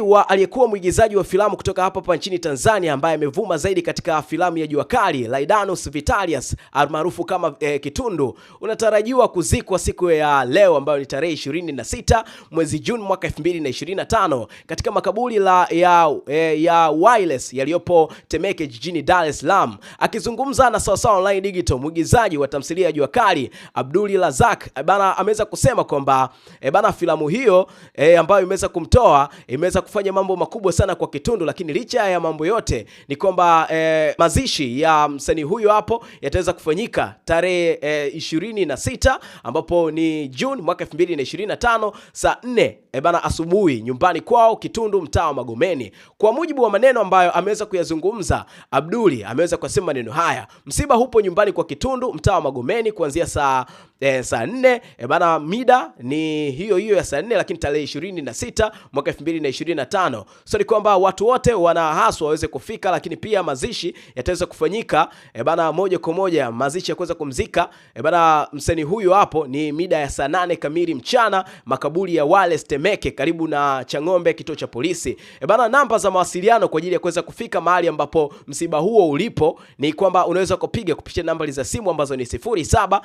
umri wa aliyekuwa mwigizaji wa filamu kutoka hapa hapa nchini Tanzania ambaye amevuma zaidi katika filamu ya Jua Kali, Laidanus Vitalius almaarufu kama eh, Kitundu, unatarajiwa kuzikwa siku ya leo ambayo ni tarehe 26 mwezi Juni mwaka 2025 katika makaburi la ya, eh, ya Wireless yaliyopo Temeke jijini Dar es Salaam. Akizungumza na Sawa Online Digital, mwigizaji wa tamthilia ya Jua Kali Abduli Razak eh, bana ameweza kusema kwamba eh, bana filamu hiyo eh, ambayo imeweza kumtoa imeweza kufanya mambo makubwa sana kwa Kitundu, lakini licha ya mambo yote ni kwamba eh, mazishi ya msanii huyo hapo yataweza kufanyika tarehe eh, 26 ambapo ni Juni mwaka 2025 saa 4 eh, bana asubuhi nyumbani kwao Kitundu, mtaa wa Magomeni. Kwa mujibu wa maneno ambayo ameweza kuyazungumza Abduli, ameweza kusema maneno haya: msiba hupo nyumbani kwa Kitundu, mtaa wa Magomeni, kuanzia saa eh, saa 4 eh, bana mida ni hiyo hiyo ya saa 4, lakini tarehe 26 mwaka 2025 25. So ni kwamba watu wote wanahaswa waweze kufika, lakini pia mazishi yataweza kufanyika e bana, moja kwa moja mazishi ya kuweza kumzika e bana msanii huyu hapo ni mida ya saa nane kamili mchana, makaburi ya Wales Temeke, karibu na Chang'ombe, kituo cha polisi e bana. Namba za mawasiliano kwa ajili ya kuweza kufika mahali ambapo msiba huo ulipo ni kwamba unaweza kupiga kupitia nambari za simu ambazo ni 0785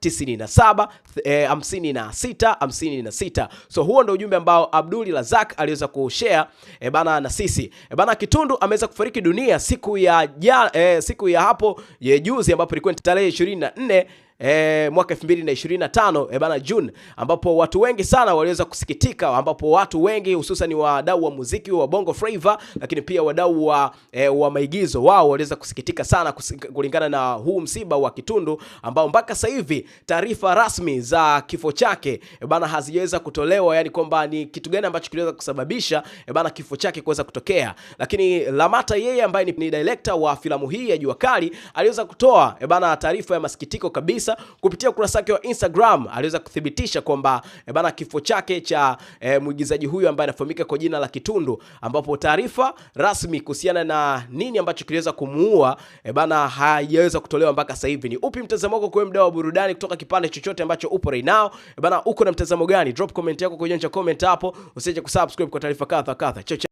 97 56 So huo ndio ujumbe ambao Abduli lazima Zak aliweza kushare e bana na sisi e bana. Kitundu ameweza kufariki dunia siku ya, ya, e, eh, siku ya hapo ya juzi ambapo ilikuwa tarehe 24 e, mwaka 2025 e eh, bana June, ambapo watu wengi sana waliweza kusikitika, ambapo watu wengi hususan ni wadau wa muziki wa Bongo Flava, lakini pia wadau wa, e, wa maigizo wao waliweza kusikitika sana kulingana na huu msiba wa Kitundu ambao mpaka sasa hivi taarifa rasmi za kifo chake e bana hazijaweza kutolewa, yani kwamba ni kitu gani ambacho kiliweza kusababisha e bana kifo chake kuweza kutokea, lakini Lamata yeye ambaye ni, ni director wa filamu hii ya Jua Kali aliweza kutoa e bana taarifa ya masikitiko kabisa kabisa kupitia ukurasa wake wa Instagram aliweza kuthibitisha kwamba e, bana kifo chake cha e, mwigizaji huyu ambaye anafahamika kwa jina la Kitundu, ambapo taarifa rasmi kuhusiana na nini ambacho kiliweza kumuua e, bana haijaweza kutolewa mpaka sasa hivi. Ni upi mtazamo wako kwa mdau wa burudani kutoka kipande chochote ambacho upo right now? E, bana uko na mtazamo gani? Drop comment yako kwenye comment hapo, usiache kusubscribe kwa taarifa kadha kadha.